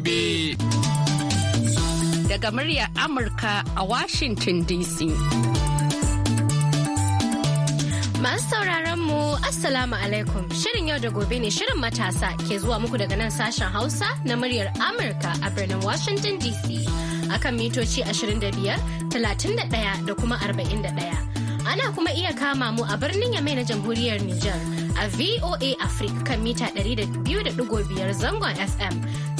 gobe. Daga muryar Amurka a Washington DC. Masu sauraron mu Assalamu alaikum Shirin yau da gobe ne Shirin matasa ke zuwa muku daga nan sashen Hausa na muryar Amurka a birnin Washington DC akan mitoci 25, 31 da kuma 41. ana kuma iya kama mu a birnin Yamai na jamhuriyar Nijar a VOA Africa kan mita 200.5 zangon FM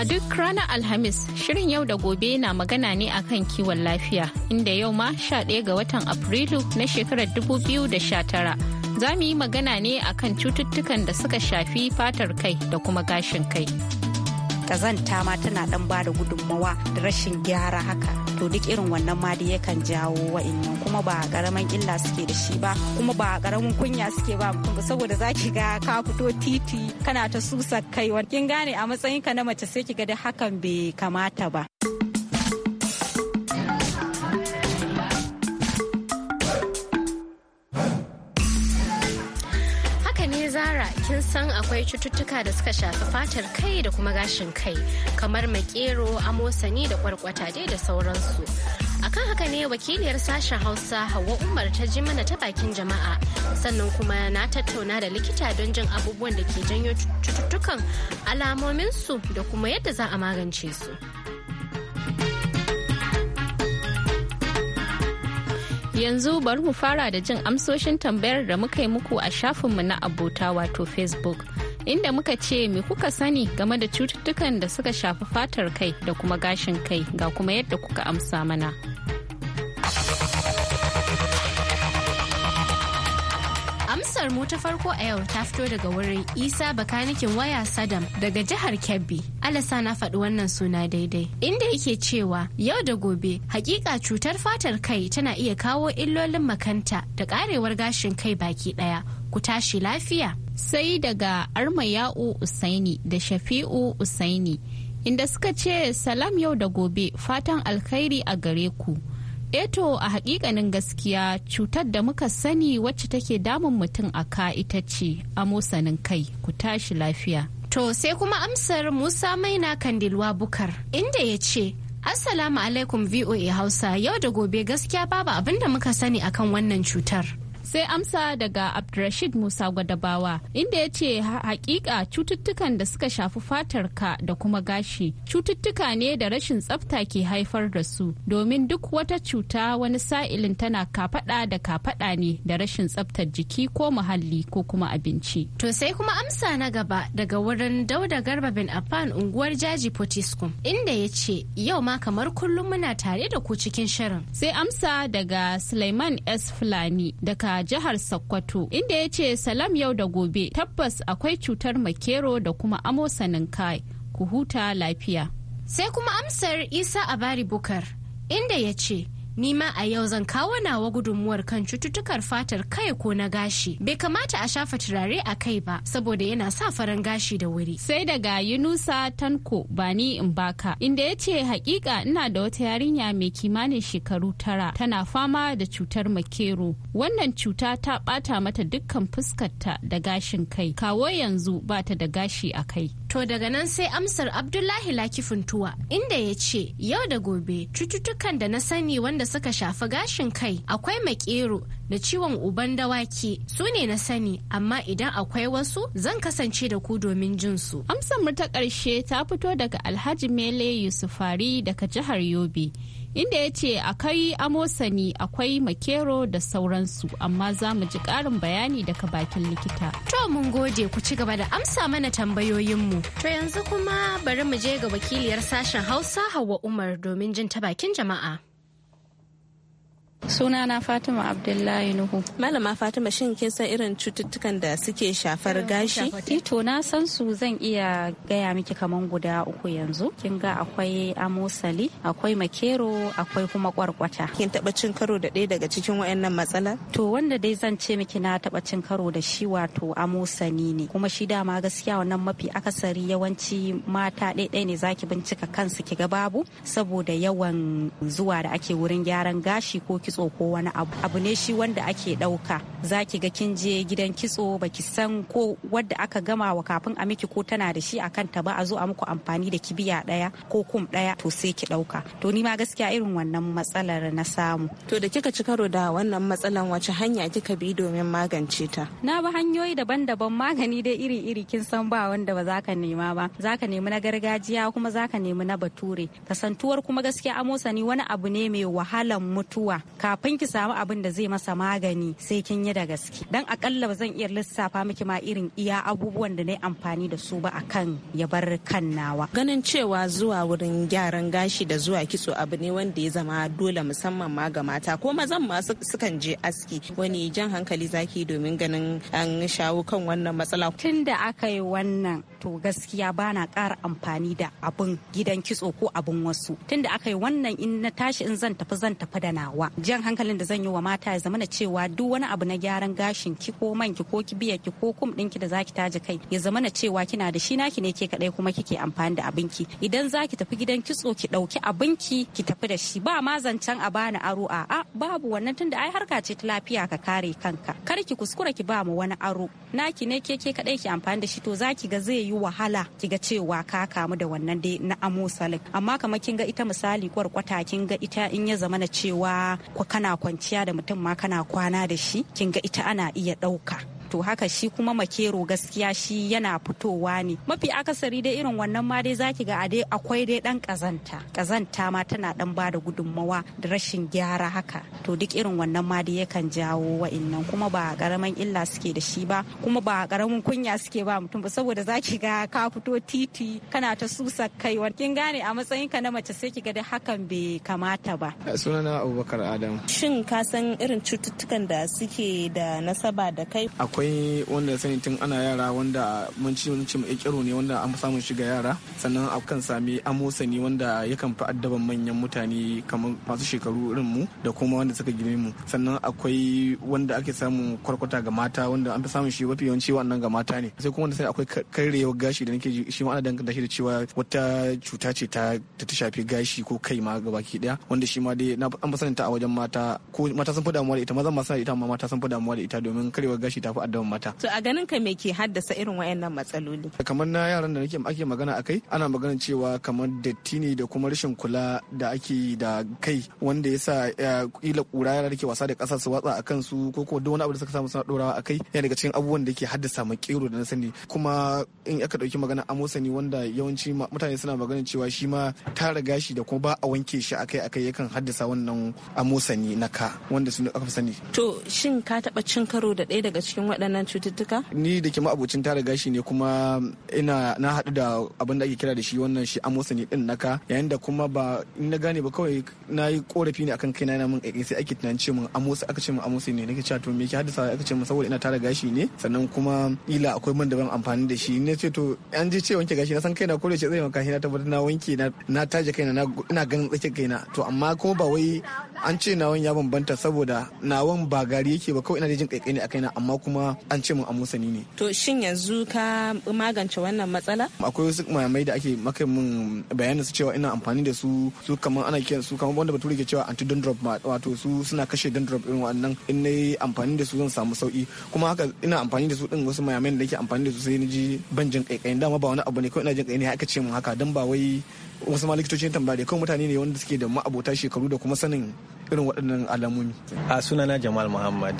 A duk ranar Alhamis, shirin yau da gobe na magana ne akan kiwon lafiya, inda yau ma sha ɗaya ga watan Afrilu na shekarar dubu biyu da 2019. Za mu yi magana ne akan cututtukan da suka shafi fatar kai da kuma gashin kai. ƙazanta ma tana ɗan ba da gudunmawa da rashin gyara haka. to duk irin wannan ma da yakan jawo wa'annan kuma ba karaman illa suke da shi ba kuma ba karamin kunya suke ba kuma saboda saboda zaki ga ka fito titi kana ta susa kai kin gane a matsayin ka na mace sai ki ga da hakan bai kamata ba. zara kin san akwai cututtuka da suka shafi fatar kai da kuma gashin kai kamar makero amosani da kwarkwata dai da sauransu akan haka ne wakiliyar sashen hausa hauwa umar ta ji mana ta bakin jama'a sannan kuma na tattauna da likita don jin abubuwan da ke janyo cututtukan alamominsu da kuma yadda za a magance su. Yanzu bari mu fara da jin amsoshin tambayar da muka yi muku a shafinmu na abota wato Facebook. Inda muka ce me kuka sani game da cututtukan da suka shafi fatar kai da kuma gashin kai ga kuma yadda kuka amsa mana. Amsar mu ta farko a yau ta fito daga wurin Isa bakanikin waya Sadam daga jihar Kebbi. Alasa na faɗi wannan suna daidai. Inda yake cewa yau da gobe hakika cutar fatar kai tana iya kawo illolin makanta da ƙarewar gashin kai baki ɗaya. Ku tashi lafiya. Sai daga Armayau Usaini da Shafi'u Usaini inda suka ce salam yau da gobe fatan alkhairi a gare ku. eto a hakikanin gaskiya cutar da muka sani wacce take damun mutum a ka ita ce a musanin kai ku tashi lafiya to sai kuma amsar musa maina kandilwa bukar inda ya ce assalamu alaikum voa hausa yau da gobe gaskiya babu abin da muka sani akan wannan cutar sai amsa daga abdulrashid musa gwadabawa inda ya ce hakika cututtukan da suka shafi fatar ka da kuma gashi cututtuka ne da rashin tsafta ke haifar da su domin duk wata cuta wani sa'ilin tana kafada da kafada ne da rashin tsaftar jiki ko muhalli ko kuma abinci to sai kuma amsa na gaba daga wurin dauda garba bin afan unguwar jaji potiskum inda ya ce yau ma kamar kullum muna tare da ku cikin shirin sai amsa daga suleiman s fulani daga a jihar Sokoto inda ya ce salam yau da gobe tabbas akwai cutar makero da kuma amosanin kai ku huta lafiya. Sai kuma amsar Isa Abari Bukar inda ya ce ni ma a yau zan kawo nawa gudunmuwar kan cututtukar fatar kai ko na gashi bai kamata a shafa turare a kai ba saboda yana sa farin gashi da wuri sai daga yunusa tanko ba ni in baka inda ya ce hakika ina da wata yarinya mai kimanin shekaru tara tana fama da cutar makero wannan cuta ta bata mata dukkan fuskarta da gashin kai kawo yanzu bata da gashi a kai To daga nan sai amsar Abdullahi Laki Funtuwa inda ya ce yau da gobe cututtukan da na sani wanda suka shafi gashin kai akwai makero da ciwon uban dawaki su ne na sani amma idan akwai wasu zan kasance da ku domin jin su. Amsar mu ta ƙarshe ta fito daga Alhaji Mele Yusufari daga jihar Yobe. inda ya ce akai amosani akwai makero da sauransu amma za mu ji karin bayani daga bakin likita. To mun gode ku ci gaba da amsa mana tambayoyinmu. To yanzu kuma bari mu je ga wakiliyar sashen Hausa Hauwa Umar domin jin ta bakin jama'a. Suna na Fatima Abdullahi Nuhu. Malama Fatima shin kin san irin cututtukan da suke shafar gashi? Tito na san su zan iya gaya miki kaman guda uku yanzu. Kin ga akwai amosali, akwai makero, akwai kuma kwarkwata. Kin taba cin karo da ɗaya daga cikin wayannan matsala? To wanda dai zan ce miki na taba cin karo da shi wato amosani ne. Kuma shi dama gaskiya wannan mafi akasari yawanci mata ɗaiɗai ne zaki bincika kansu ki ga babu saboda yawan zuwa da ake wurin gyaran gashi ko kitso ko wani abu abu ne shi wanda ake ɗauka za ki ga kin je gidan kitso baki san ko wadda aka gama wa kafin a miki ko tana da shi a kanta ba a zo a muku amfani da kibiya ɗaya ko kum ɗaya to sai ki ɗauka to ni ma gaskiya irin wannan matsalar na samu. To da kika ci karo da wannan matsalan wace hanya kika bi domin magance ta? Na bi hanyoyi daban-daban magani dai iri-iri kin san ba wanda ba za ka nema ba. Za ka nemi na gargajiya kuma za ka nemi na bature. Kasantuwar kuma gaskiya amosani wani abu ne mai wahalan mutuwa. kafin ki samu abin da zai masa magani sai kin yi da gaske dan akalla ba zan iya lissafa miki ma irin iya abubuwan da na amfani da su ba akan ya bar kan nawa ganin cewa zuwa wurin gyaran gashi da zuwa kitso abu ne wanda ya zama dole musamman ma ga mata ko mazan ma sukan je aski wani jan hankali zaki domin ganin an shawo kan wannan matsala Tunda da aka yi wannan to gaskiya ba na ƙara amfani da abin gidan kitso ko abin wasu tunda aka yi wannan in na tashi in zan tafi zan tafi da nawa jan hankalin da zan yi wa mata ya zamana cewa duk wani abu na gyaran gashin ki ko man ki ko kibiya ki ko kum ki da zaki taje kai ya zamana cewa kina da shi naki ne ke kadai kuma kike amfani da abinki idan zaki tafi gidan kitso ki ɗauki abinki ki tafi da shi ba ma zancen a bani aro a a babu wannan tunda ai harka ce ta lafiya ka kare kanka kar ki kuskura ki ba mu wani aro naki ne ke ke kadai ki amfani da shi to zaki ga zai yi wahala kiga cewa ka kamu da wannan dai na amosalin amma kamar kin ga ita misali kwarkwata kin ga ita in ya zama na cewa kana kwanciya da mutum ma kana kwana da shi kin ga ita ana iya ɗauka to haka shi kuma makero gaskiya shi yana fitowa ne mafi akasari dai irin wannan ma dai zaki ga ade akwai dai dan kazanta kazanta ma tana dan bada gudunmawa da rashin gyara haka to duk irin wannan ma dai yakan jawo innan kuma ba karaman illa suke da shi ba kuma ba karamin kunya suke ba mutum ba saboda zaki ga ka fito titi kana ta susa kai kin gane a matsayin ka na mace sai ki ga da hakan bai kamata ba sunana abubakar adam shin ka san irin cututtukan da suke da nasaba da kai akwai wanda sani tun ana yara wanda mun ci mun ci mu ne wanda an samun shiga yara sannan kan sami amosa ne wanda yakan fi addaban manyan mutane kamar masu shekaru irin mu da kuma wanda suka girme mu sannan akwai wanda ake samun kwarkwata ga mata wanda an fi samun shi mafi yawanci wannan ga mata ne sai kuma wanda sani akwai karewa gashi da nake ji shi ma ana danganta shi da cewa wata cuta ce ta ta shafi gashi ko kai ma gabaki daya wanda shi ma dai an fi sanin ta a wajen mata ko mata sun fi damuwa da ita maza masu da ita amma mata sun fi damuwa da ita domin karewa gashi ta fi don mata to a ganin ka me ke haddasa irin wayannan matsaloli kamar na yaran da nake ake magana akai ana magana cewa kamar datti ne da kuma rashin kula da ake da kai wanda yasa kila kura yara dake wasa da kasa su watsa a kansu ko kuma duk wani abu da suka samu suna dorawa akai yana daga cikin abubuwan da ke haddasa kero da na sani kuma in aka dauki magana amosani wanda yawanci mutane suna magana cewa shi ma tara gashi da kuma ba a wanke shi akai akai yakan haddasa wannan amosani na ka wanda sun aka sani to shin ka taba cin karo da ɗaya daga cikin waɗannan cututtuka? Ni da ke ma'abocin tara gashi ne kuma ina na haɗu da abin da ake kira da shi wannan shi amosani ɗin naka yayin da kuma ba in na gane ba kawai na yi korafi ne akan kaina na min aiki sai ake tunanin ce min amosi aka ce min amosi ne nake cewa to me ke haddasa aka ce min saboda ina tara gashi ne sannan kuma ila akwai man da ban amfani da shi ne ce to an je ce wanke gashi na san kaina ko da ce zai maka na tabbatar na wanke na taje kaina na ina ganin tsakiyar kaina to amma kuma ba wai an ce nawan ya bambanta saboda nawan ba gari yake ba kawai ina da jin kaikai ne a kaina amma kuma an ce mun amusani ne to shin yanzu ka magance wannan matsala akwai wasu mayamai da ake maka min bayanin su cewa ina amfani da su su kamar ana kiyan su kamar wanda bature ke cewa anti dandruff wato su suna kashe dandruff irin wannan in nayi amfani da su zan samu sauki kuma haka ina amfani da su din wasu mayamai da ke amfani da su sai ni ji ban jin kaikai dama ba wani abu ne kawai ina jin kaikai ne haka ce mun haka dan ba wai wasu ma likitocin tambaya kawai mutane ne wanda suke da ma'abota shekaru da kuma sanin irin waɗannan alamomi. a sunana jamal muhammad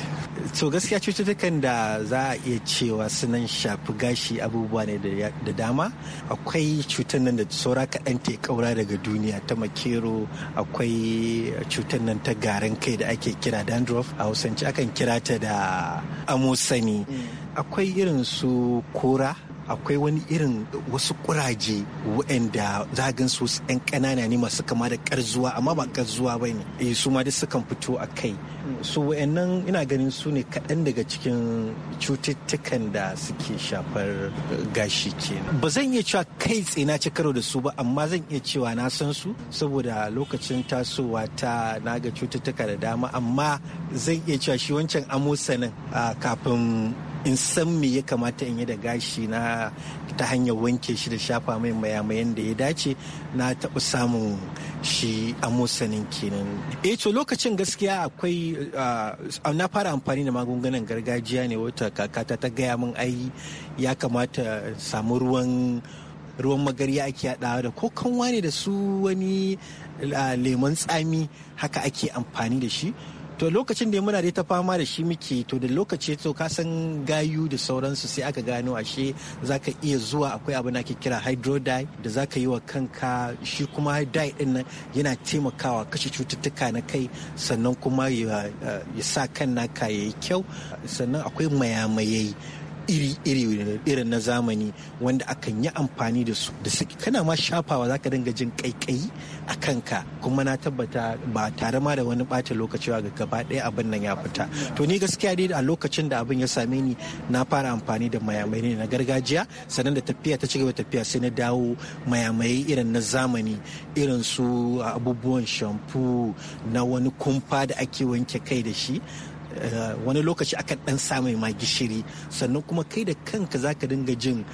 to gaskiya cututtukan da za a iya cewa sunan shafi gashi abubuwa ne da dama akwai cutar nan da saura kaɗan ta ƙaura daga duniya ta makero akwai cutar nan ta garin kai da ake kira dandruff a hausance akan kira ta da amosani mm. akwai irin su kora akwai wani irin wasu kuraje waɗanda zagan su yan kanana ne masu kama da karzuwa amma ba karzuwa ba ne eh, su ma sukan fito a kai so wa'annan ina ganin su ne kaɗan daga cikin cututtukan da suke shafar gashi kenan ba zan iya cewa kai tsaye na ci karo da su ba amma zan iya cewa na san su saboda lokacin tasowa ta na ga cututtuka da dama amma zan iya cewa shi wancan amosanin ah, kafin in san me ya kamata in yi da gashi na ta hanyar wanke shi da shafa mai mayamayan da ya dace na taɓa samun shi a musanin kenan E, to lokacin gaskiya akwai ah, na fara amfani da magungunan gargajiya ne wata kakata ta gaya min ai ya kamata samu ruwan ruwan magarya ake haɗawa da ko kanwa ne da su wani ah, lemon tsami haka ake amfani da shi to lokacin da muna da ta fama da shi muke to da lokaci to ka san gayu da sauransu sai aka gano ashe zaka iya zuwa akwai abu na kira hydrodye da zaka yi wa kanka shi kuma dye din nan yana taimakawa kashe cututtuka na kai sannan kuma ya sa kan naka yayi kyau sannan akwai mayamayai iri-iri irin na zamani wanda akan yi amfani da su da suke kana ma shafawa za ka dinga jin kaikayi a kanka kuma na tabbata ba tare ma da wani bata lokaci ga gaba ɗaya abin nan ya fita to ni gaskiya dai a lokacin da abin ya same ni na fara amfani da mayamai ne na gargajiya sannan da tafiya ta cigaba tafiya sai na dawo mayamai irin na zamani irin su abubuwan shamfu na wani kumfa da ake wanke kai da shi Eh, wani lokaci aka dan samu ma gishiri sannan kuma kai da kanka zaka dinga jin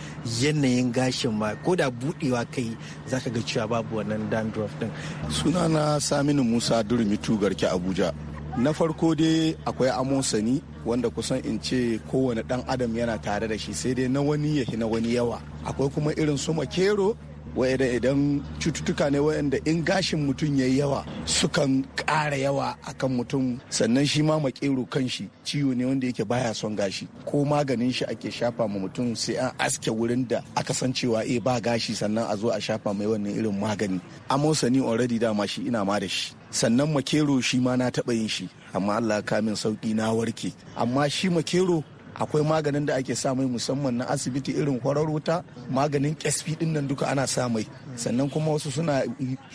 yanayin gashin ma ko da budewa kai zaka ga cewa babu wannan dandruff din sunana saminu musa durmitu garki abuja na farko dai akwai amosani wanda kusan in ce kowane dan adam yana tare da shi sai dai na wani yahi na wani yawa akwai kuma irin su makero wa'ida idan cututtuka ne waɗanda in gashin mutum ya yi yawa sukan ƙara yawa akan mutum sannan shi ma makero kan shi ciwo ne wanda yake baya son gashi ko maganin shi ake shafa ma mutum sai an aske wurin da aka san cewa eh ba gashi sannan a zo a shafa mai wannan irin magani amosani already dama shi ina ma da shi sannan makero shi ma na taɓa yin shi amma allah kamin sauki na warke amma shi makero akwai maganin da ake sa mai musamman na asibiti irin kwarar wuta maganin ƙesfi din duka ana sa mai sannan kuma wasu suna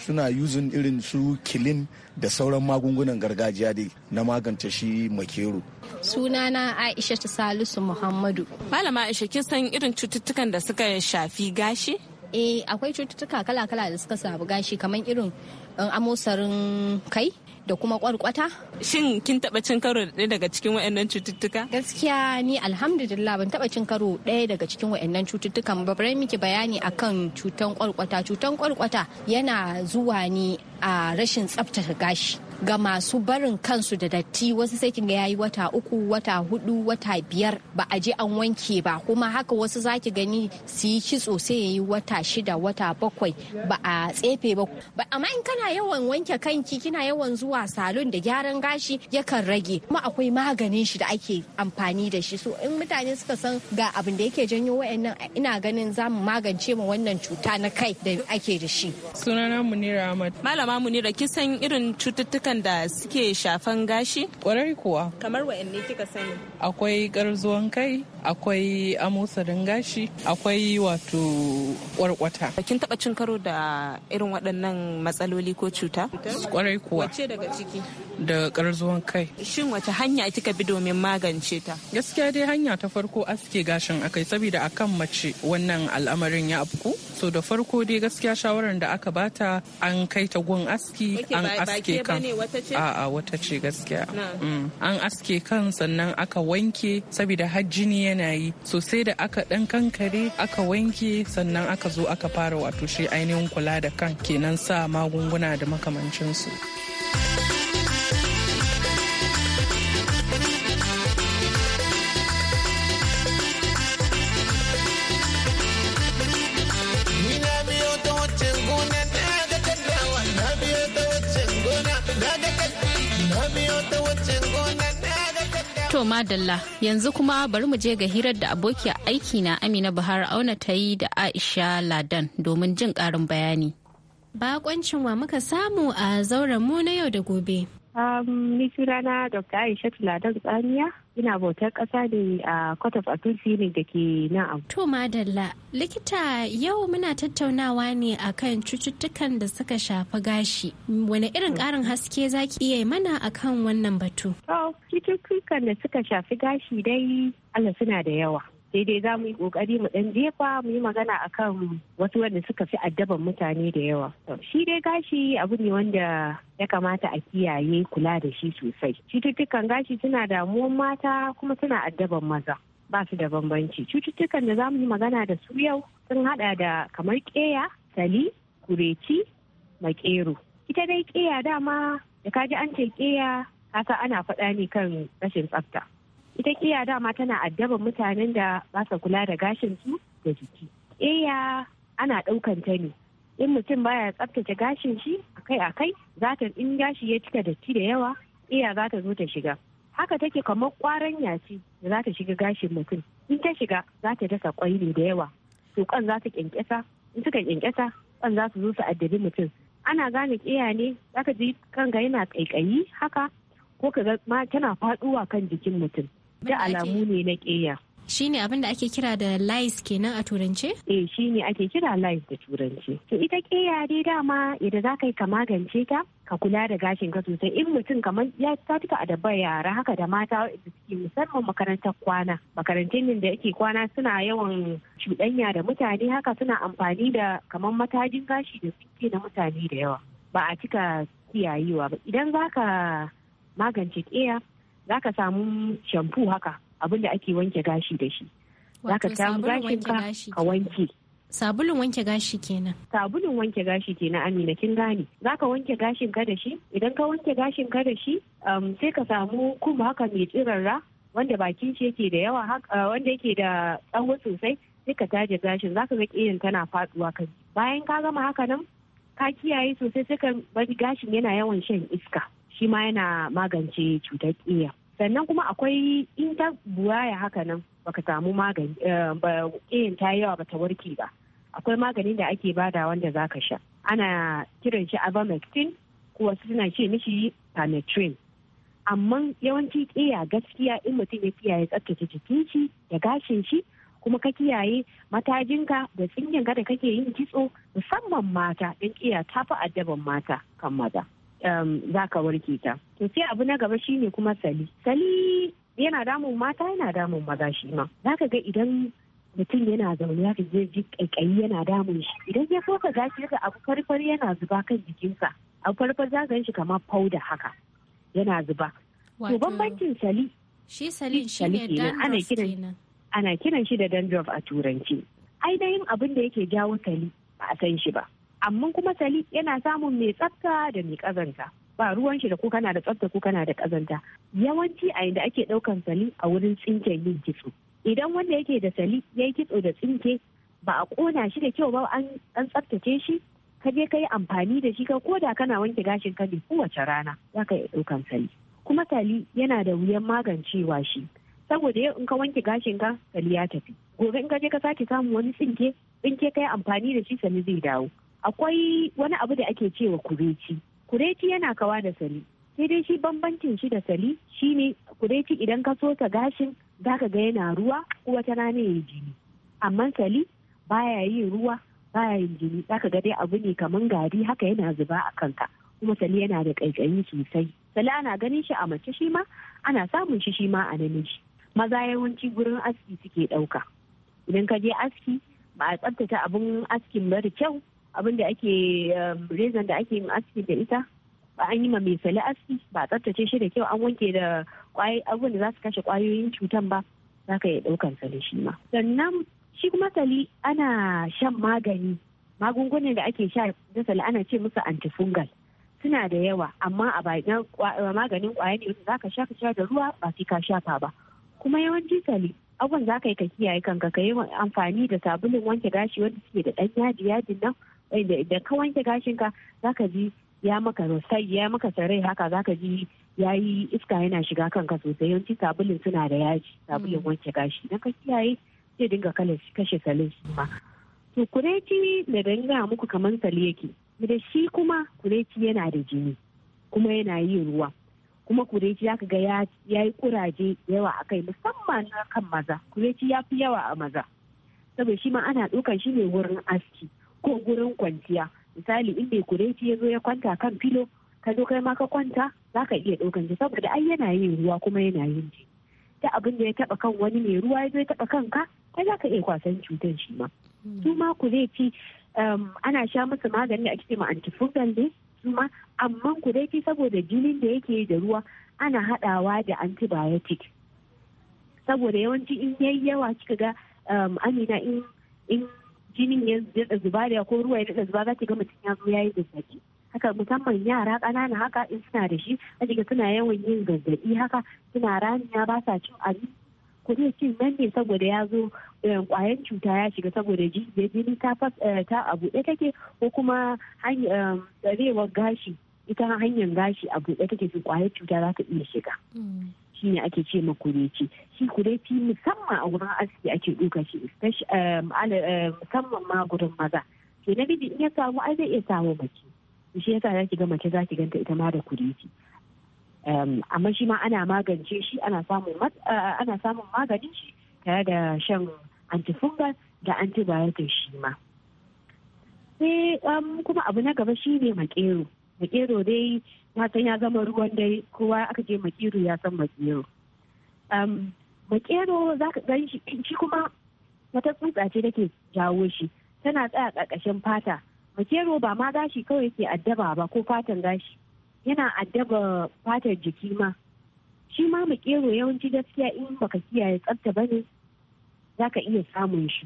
suna yuzin irin su kilin da sauran magungunan gargajiya dai na magance shi Suna na aisha ta salisu muhammadu malama aisha kin san irin cututtukan da suka shafi gashi eh akwai cututtuka kala-kala da suka samu gashi kamar irin um, amosarin kai da kuma kwarkwata. Shin kin taɓa cin karo ɗaya daga cikin waɗannan cututtuka? Gaskiya ni alhamdulillah ban taɓa cin karo ɗaya daga cikin wayannan cututtuka, ba bari miki bayani akan cutan kwarkwata. Cutan kwarkwata yana zuwa ne a rashin tsaftace gashi. ga masu barin kansu da datti wasu sai kinga yayi wata uku wata hudu wata biyar ba a je an wanke ba kuma haka wasu zaki gani su yi kitso sai yayi wata shida wata bakwai ba a tsefe ba amma in kana yawan wanke kanki kina yawan zuwa salon da gyaran gashi yakan rage kuma akwai maganin shi da ake amfani da shi so in mutane suka san ga abin da yake janyo wayannan ina ganin za mu magance ma wannan cuta na kai da ake da shi sunana munira ahmad malama munira kin san irin cututtuka cututtukan da suke shafan gashi? Kwarai kuwa. Kamar wa'anne kika sani? Akwai garzuwan kai, akwai amosarin gashi, akwai wato kwarkwata. Kin taba cin karo da irin waɗannan matsaloli ko cuta? Kwarai kuwa. Wace daga ciki? Da garzuwan kai. Shin wata hanya kika bi domin magance ta? Gaskiya dai hanya ta farko aske gashin akai saboda akan mace wannan al'amarin ya afku. So da farko dai gaskiya shawarar da aka bata an kai ta gun aski an aske kan. wata ce a'a wata ce gaskiya mm. an aske kan sannan aka wanke saboda hajjini yana yi sosai da aka ɗan kankare aka wanke sannan aka zo aka fara wato shi ainihin kula da kan kenan sa magunguna da makamancinsu. To madalla yanzu kuma bari mu je ga hirar da abokiya aiki na Amina Buhari auna ta yi da Aisha Ladan domin jin ƙarin bayani. Bakoncin wa muka samu a zauren mu na yau da gobe. ni sunana Dr. Aisha Ladan Tsamiya ina bautar ƙasa ne a Court of Appeal ne da ke nan abu. To Madalla, likita yau muna tattaunawa ne akan cututtukan da suka shafi gashi. Wane irin ƙarin haske za ki iya mana akan wannan batu? To, cututtukan da suka shafi gashi dai Allah suna da yawa. sai dai za mu yi kokari mu dan jefa mu yi magana akan wasu wanda suka fi addaban mutane da yawa shi dai gashi abu ne wanda ya kamata a kiyaye kula da shi sosai cututtukan gashi suna damuwan mata kuma suna addaban maza ba su da bambanci cututtukan da za mu yi magana da su yau sun hada da kamar keya sali kureci makero ita dai keya dama da kaji an ce keya kasa ana faɗa ne kan rashin tsafta ita kiya dama tana addaba mutanen da ba sa kula da gashin su da jiki iya ana ɗaukan ta ne in mutum baya tsaftace gashin shi akai akai za ta in gashi ya cika datti da yawa iya za ta zo ta shiga haka take kamar kwaran yaci da za ta shiga gashin mutum in ta shiga za ta dasa kwai ne da yawa to kan za ta kyankyasa in suka kyankyasa kan za su zo su addabi mutum ana gane kiya ne za ka ji kanka yana kaikayi haka ko ka ga ma tana faduwa kan jikin mutum da alamu ne na ƙeya. Shi ne abin da ake kira da lies kenan a turance? Eh shi ne ake kira lies da turance. To ita ƙeya dai dama idan za ka yi ka magance ta ka kula da gashin ka sosai in mutum kamar ya tuka a dabba yara haka da mata da suke musamman makarantar kwana makarantun da yake kwana suna yawan cuɗanya da mutane haka suna amfani da kamar matajin gashi da suke na mutane da yawa ba a cika kiyayewa ba idan za ka magance ƙeya za ka samu shampoo haka abin da ake wanke gashi da shi za ka samu gashin ka wanke sabulun wanke gashi kenan sabulun wanke gashi kenan amina kin gane za ka wanke gashin ka da shi idan ka wanke gashin ka da shi um, sai ka samu kuma haka mai tsirarra wanda bakin shi yake da yawa uh, wanda yake da tsawo sosai sai ka taje gashin za ka ga irin tana faduwa kai bayan ka gama haka nan ka kiyaye sosai sai ka bari gashin yana yawan shan iska shi ma yana magance cutar ƙiya sannan kuma akwai in ta buwaya haka nan baka samu magani eh, ba irin ta yawa bata warke ba akwai maganin da ake bada wanda ka sha ana kiran shi abamectin ko wasu suna ce mishi permethrin amma yawanci kiya gaskiya in mutum ya kiyaye tsaftace jikin shi da gashin shi kuma ka kiyaye matajinka da ka da kake yin kitso musamman mata don ƙiya ta fi addaban mata kan maza. Um, za ka warke ta to sai abu na gaba shine kuma sali sali yana damun mata yana damun maza shi ma za ka ga idan mutum yana zaune ya zai ji kaikayi yana damun shi idan ya soka gashi ga abu farfar yana zuba kan jikinsa abu farfar za ka shi kamar fauda haka yana zuba to bambancin sali shi sali shi ne ana kiran ana kiran shi da dandruff a turanci ainihin abin da yake jawo sali ba a san shi ba amma kuma sali yana samun mai tsafta da mai kazanta ba ruwan shi da ko kana da tsafta ko kana da kazanta yawanci a inda ake daukan sali a wurin tsinke yin kitso idan wanda yake da sali ya yi kitso da tsinke ba a kona shi da kyau ba an tsaftace shi ka je ka yi amfani da shi ka koda kana wanke gashin ka ne kowace rana za ka iya sali kuma sali yana da wuyan magancewa shi saboda yau in ka wanke gashin ka sali ya tafi gobe in ka je ka sake samun wani tsinke tsinke ka yi amfani da shi sali zai dawo akwai wani abu da ake cewa kureci kureci yana kawa da sali sai dai shi bambancin shi da sali shine kureci idan ka so ta gashin zaka ga yana ruwa ko wata rana ya jini amma sali baya yin ruwa baya yin jini zaka ga dai abu ne kaman gari haka yana zuba a kanka kuma sali yana da ƙaiƙayi sosai sali ana ganin shi a mace shi ma ana samun shi shi ma a namiji maza yawanci gurin aski suke ɗauka idan ka je aski ba a tsabtace abin askin ba da kyau abin da ake um, rezan da ake yin aski da ita ba an yi ma mai sali aski ba tsaftace shi da kyau an wanke da kwayoyi abin da za su kashe kwayoyin cutan ba za ka iya ɗaukan sali shi ma sannan shi kuma sali ana shan magani magungunan da ake sha da sali ana ce musu antifungal suna da yawa amma a bayan maganin kwaya ne za ka sha ka sha da ruwa ba sai ka shafa ba kuma yawanci sali agon za ka yi ka kiyaye kanka ka yi amfani da sabulun wanke gashi wanda suke da ɗan yadi yadin nan Eh, da ka wanke gashinka zaka ji ya maka rosai ya maka sarai haka zaka ji ya yi iska yana shiga kanka sosai yawanci sabulin suna da yaji sabulin mm. wanke gashi na ka kiyaye zai dinga kashe salin shi ma to kureci da danga muku kamar sali yake da shi kuma kureci yana da jini kuma yana yin ruwa kuma kureci zaka ga ya yi kuraje yawa a kai musamman na kan maza kureci ya fi yawa a maza saboda shi ma ana ɗaukan shi ne wurin aski ko gurin kwanciya misali in mai kureci ya zo ya kwanta kan filo ka zo kai ma ka kwanta za ka iya ɗaukan shi saboda ai yana yin ruwa kuma yana yin ji ta abin da ya taɓa kan wani mai ruwa ya zo ya taɓa kanka kai za ka iya kwasan cutar shi ma hmm. su ma kureci um, ana sha masa magani a cikin ma antifungal ne su ma amma kureci saboda jinin da yake da ruwa ana haɗawa da antibiotic saboda yawanci in yayi yawa kika ga um, amina in jinin ya daɗa zuba da ko ruwa ya daɗa zuba za ta ga mutum ya zo ya yi zazzaɓi haka musamman yara ƙanana haka in suna da shi a suna yawan yin zazzaɓi haka suna ramiya ba sa cin abinci ko ne cin nan ne saboda ya zo eh, ƙwayan cuta ya shiga saboda jini eh, ta a buɗe take ko kuma eh, tsarewar gashi ita hanyar gashi a buɗe take su ƙwayar cuta za ta iya shiga. Hmm. ne ake ce ma kureci shi kureci musamman a wurin aski ake duka shi eh, eh, musamman ma gurin maza ke namiji in ya samu ai zai iya samu mace shi yasa ki ga mace ki ganta ita ma da kureci amma shi ma ana magance shi ana samun eh, ana maganin shi tare da shan antifungal da antibiotic shi ma sai kuma abu na gaba shi ne makero makero dai matan ya zama ruwan dai kowa aka je makero ya san makero um, makero za ka gan shi kuma wata tsutsa ce da ke jawo shi tana tsaya ƙarƙashin fata makero ba ma gashi kawai ke addaba ba ko fatan gashi yana addaba fatar jiki ma shi ma makero yawanci gaskiya in baka kiyaye tsafta ne. za ka iya samun shi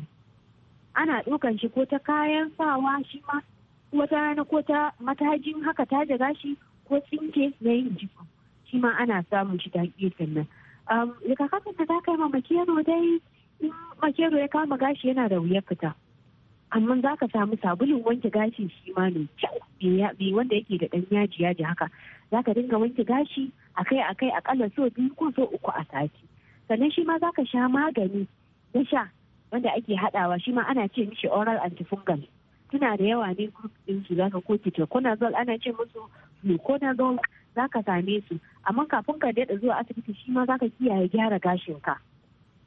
ana ɗaukan shi ko ta kayan sawa shi ma wata rana ko ta matajin haka ta gashi ko tsinke na yin jiko shi ma ana samun shi ta gefen nan um, rigakafin da za ka yi ma makero dai in makero ya kama gashi yana da wuyar fita amma za ka samu sabulun wanke gashi shi ma ne kyau bai wanda yake da ɗan yaji yaji haka za ka dinga wanke gashi akai akai akalla so biyu ko so uku a sati sannan shi ma za ka sha magani na sha wanda ake haɗawa shi ma ana ce mishi oral antifungal suna da yawa ne group din su ka ko kitaconazole ana ce musu ne ko na zo za ka same su amma kafin ka daɗa zuwa asibiti shi ma za ka kiyaye gyara gashin ka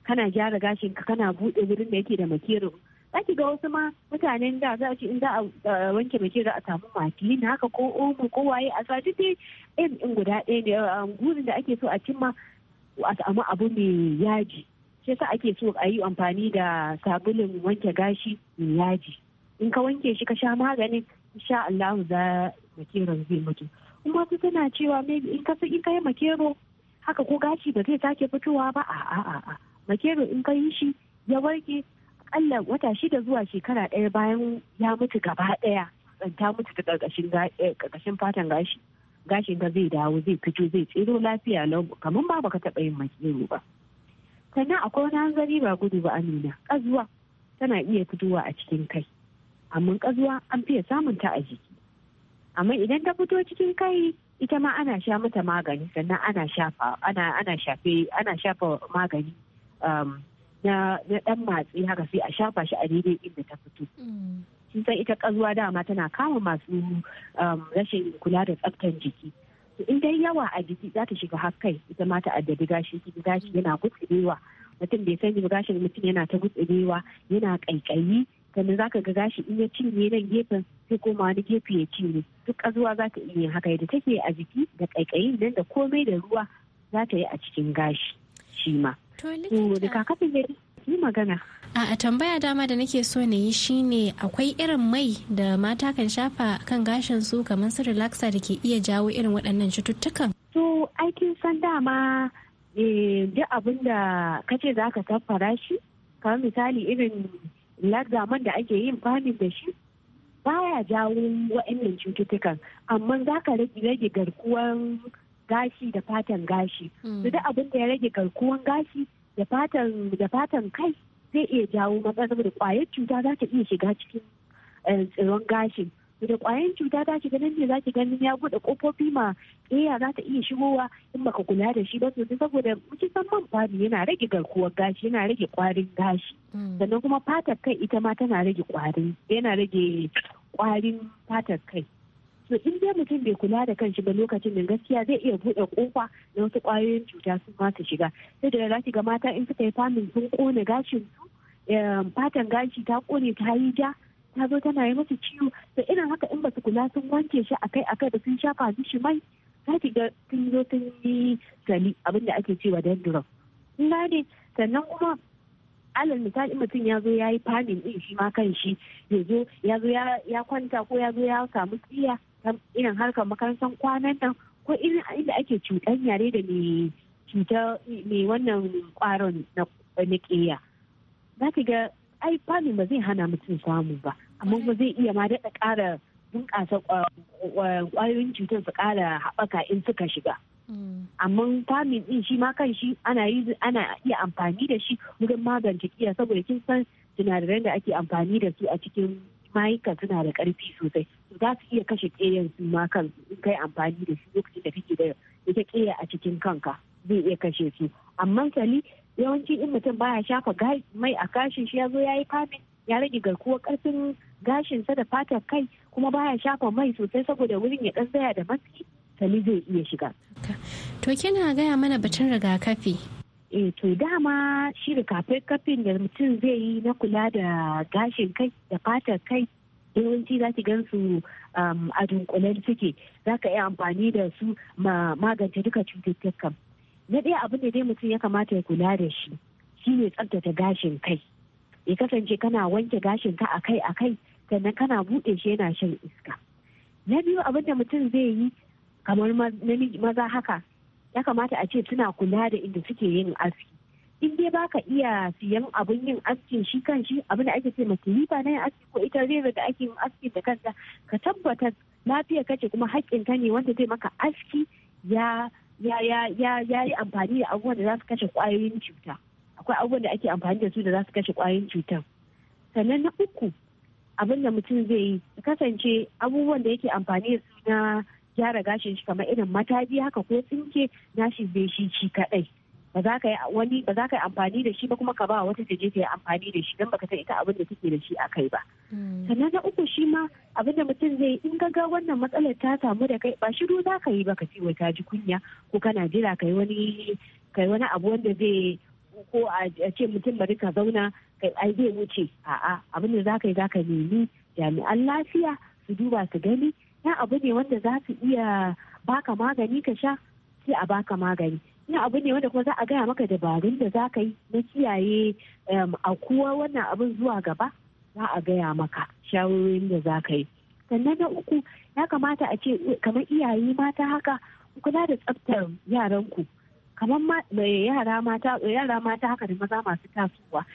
kana gyara ka kana buɗe wurin da yake da makerin za ki ga wasu ma mutanen da za a ce in za a wanke makerin a samu na haka ko omo ko waye a sa dai in guda ɗaya ne gurin da ake so a cimma a samu abu mai yaji shi yasa ake so a yi amfani da sabulun wanke gashi mai yaji in ka wanke shi ka sha maganin insha Allah makeron zai mutu kuma su tana cewa in ka in kai makero haka ko gashi ba zai sake fitowa ba a a a a makero in ka yi shi ya warke Allah wata shida zuwa shekara ɗaya bayan ya mutu gaba ɗaya ta mutu ta eh, ƙarƙashin fatan gashi gashin ka zai dawo zai fito zai tsiro lafiya lau kamar ba baka taɓa yin makero ba sannan akwai wani hanzari ba gudu ba amina ƙazuwa tana iya fitowa a cikin kai amma ƙazuwa an fiye samun ta a jiki amma idan ta fito cikin kai ita ma ana sha mata magani sannan ana shafa ana ana shafe ana shafa magani um, na na dan matsi haka sai a shafa shi a daidai inda ta fito sun mm. san ita kazuwa dama tana kama masu um, rashin kula da tsaftan jiki in dai yawa a jiki za ta shiga haskai ita ma ta addabi gashi ki gashi yana gutsirewa mutum bai sani gashin mutum yana ta gutsirewa yana kaikayi sannan ka ga gashi in ya cinye nan gefen sai koma wani gefe ya cinye duk azuwa za ta iya haka yadda take a jiki da ƙaiƙayi nan da komai da ruwa za ta yi a cikin gashi shi ma. To yi magana. A tambaya dama da nake so na yi shine akwai irin mai da mata kan shafa kan gashin su kamar su relaxa da ke iya jawo irin waɗannan cututtukan. To aikin san dama eh, duk abin da kace za ka tafara shi kamar misali irin zaman da ake yin famin da shi baya jawo wa'annan cututtukan amma za ka rage garkuwan gashi da fatan gashi su hmm. da abin da ya rage garkuwan gashi da fatan kai zai iya jawo matsalar da kwayar cuta za ta iya shiga cikin eh, tsiron gashi. da kwayan cuta ta shiga nan ne za ki ganin ya bude kofofi ma ƙeya za ta iya shigowa in baka kula da shi ba sosai saboda muke san man fari yana rage garkuwar gashi yana rage kwarin gashi hmm. sannan kuma fatar kai ita ma tana rage kwarin yana rage kwarin fatar kai so in dai mutum bai kula da kanshi ba lokacin da gaskiya zai iya bude kofa na wasu kwayoyin cuta sun ma ta shiga sai da za ki ga mata in suka yi famin sun kone gashin su eh, fatan gashi ta kone ta yi ja ta zo tana yi masa ciwo da irin haka in basu kula sun wanke shi akai akai da sun shafa mishi mai za ki ga sun zo sun yi gani abin da ake cewa dandruff in ne sannan kuma alal misali mutum ya zo ya yi fanin din shi ma kan shi ya zo ya zo ya kwanta ko ya zo ya samu tsiya irin harkar makarantar kwanan nan ko irin inda ake cutan yare da mai cuta mai wannan kwaron na ƙeya za ki ga ai fami ba zai hana mutum samu ba amma ba zai iya ma daɗa ƙara bunƙasa ƙwayoyin cutar su ƙara haɓaka in suka shiga mm. amma famin ɗin shi ma kan shi ana iya amfani da shi wurin magance kiya saboda kin san sinadaran da ake amfani da su a cikin mayuka suna da ƙarfi sosai za su iya kashe ƙeyan su ma kan kai amfani da shi lokacin da kake da ita ƙiya a cikin kanka zai iya kashe su amma sali yawanci in mutum baya shafa mai a gashin shi ya zo ya yi famin ya rage garkuwar karfin gashinsa da fatar kai kuma baya shafa mai sosai saboda wurin ya dan tsaya da maski sali zai iya shiga. To kina gaya mana batun rigakafi. E to dama shi rigakafin da mutum zai yi na kula da gashin kai da fatar kai yawanci za ki gan su um, a dunkulen suke za ka iya amfani da su magance duka cututtukan na ɗaya abin da dai mutum ya kamata ya kula da shi shi ne tsabtace gashin kai ya kasance kana wanke gashin ka a kai sannan kana buɗe shi yana shan iska na biyu abin da mutum zai yi kamar maza haka ya kamata a ce suna kula da inda suke yin aski in dai baka iya siyan abun yin askin shi kan shi abin da ake ce maka na yin aski ko ita rera da ake yin aski da kanta ka tabbatar lafiya kace kuma haƙƙin ka ne wanda zai maka aski ya ya ya ya ya yi amfani da abubuwan da za su kashe ƙwayoyin cuta akwai abubuwan da ake amfani da su da za su kashe ƙwayoyin cutan sannan na uku abin da mutum zai yi kasance abubuwan da yake amfani da su na gyara gashin shi kamar irin mataji haka ko tsinke nashi bai shi shi kaɗai ba za ka yi wani ba ka yi amfani da shi ba kuma ka ba wata ta ta yi amfani da shi don baka san ita abin da take da shi a kai ba hmm. sannan na uku shi ma abin da mutum zai in ka ga wannan matsalar ta samu da kai ba shiru za ka yi ba ka ce wai ta ji kunya ko kana jira ka yi wani kai wani abu wanda zai ko a ce mutum bari ka zauna kai ai zai wuce a'a abin da za ka yi za ka nemi jami'an lafiya su duba su gani na abu ne wanda za su iya baka magani ka sha sai a baka magani yin abu ne wanda kuma za a gaya maka dabarun da za ka yi na kiyaye akuwa wannan abin zuwa gaba za a gaya maka shawarorin da za ka yi sannan na uku ya kamata a ce kamar iyaye mata haka kula da tsaftar yaranku kamar yara mata yara mata haka da maza masu tasowa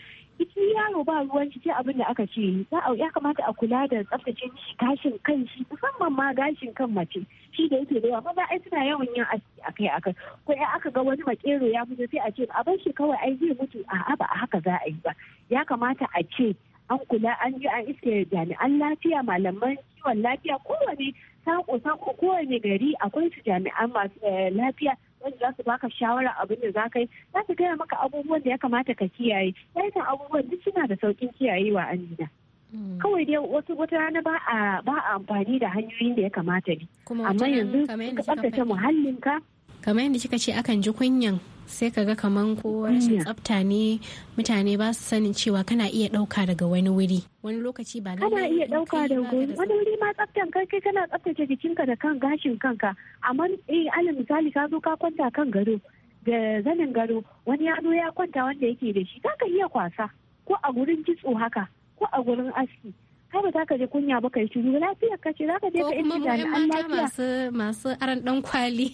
cikin yaro ba ruwan shi ce abin da aka ce ya kamata a kula da tsaftace gashin kan shi musamman ma gashin kan mace shi da yake da yawa maza ai suna yawan yin aski akai akai ko ya aka ga wani makero ya fito sai a ce a bar shi kawai ai zai mutu a'a ba a haka za a yi ba ya kamata a ce an kula an yi an iske jami'an lafiya malaman kiwon lafiya kowane sako sako kowane gari akwai su jami'an masu eh, lafiya wanda za su baka shawara abin da za ka yi za su gaya maka abubuwan da ya kamata ka kiyaye yayin abubuwan duk suna da saukin kiyayewa amina hmm. kawai dai wasu wata rana ba a ba a amfani da hanyoyin da ya kamata ne amma yanzu ka tsaftace muhallinka kamar yadda kika ce akan ji kunyan sai ka ga kaman ko rashin mm. tsafta ne mutane ba su sanin cewa kana iya dauka daga wani wuri wani lokaci ba kana iya dauka daga wani wuri ma tsaftan kai kai kana tsaftace jikin ka da kan gashin kanka amma eh alal misali ka zo ka kwanta kan gado da zanin gado wani ya zo ya kwanta wanda yake da shi ka iya kwasa ko a gurin kitso haka ko a gurin aski kai ba za ka je kunya ba kai shiru lafiyar ka ce za ka je ka inda jami'an lafiya masu masu aran dan kwali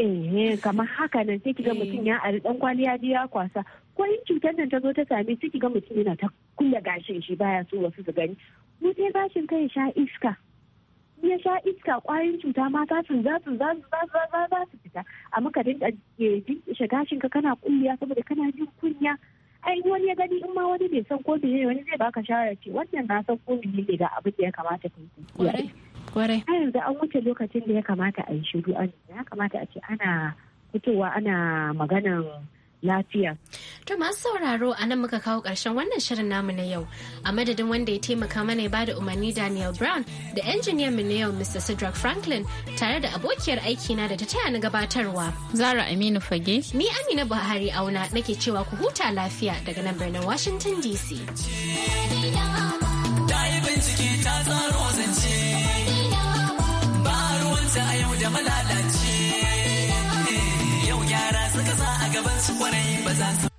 eh kamar haka nan sai kiga eh. mutum ya ari dan kwaliya ya kwasa ko in cutar nan ta zo ta same sai kiga mutum yana ta kulle gashin shi baya so wasu su gani mu sai gashin kai sha iska ya sha iska kwayoyin cuta ma za su za su za su za su fita amma ka dinka gashin ka kana kulliya saboda kana jin kunya ai wani ya gani in ma wani bai san ko ne wani zai baka shawara ce wannan na san ko ne ga abin da ya kamata ka yi kwarai har yanzu an wuce lokacin da ya kamata a yi shiru a ya kamata a ce ana fitowa ana maganan lafiya. To masu sauraro a nan muka kawo ƙarshen wannan shirin namu na yau. A madadin wanda ya taimaka mana ya bada umarni Daniel Brown da injiniyan mu na yau Mr. Cedric Franklin tare da abokiyar aiki na da ta taya na gabatarwa. Zara Aminu Fage. Ni Amina Buhari auna nake cewa ku huta lafiya daga nan birnin Washington DC. ta yi bincike ta tsaro zance ba ruwanta a yau da malalace yau gyara suka sa a gaban su kwarai ba za su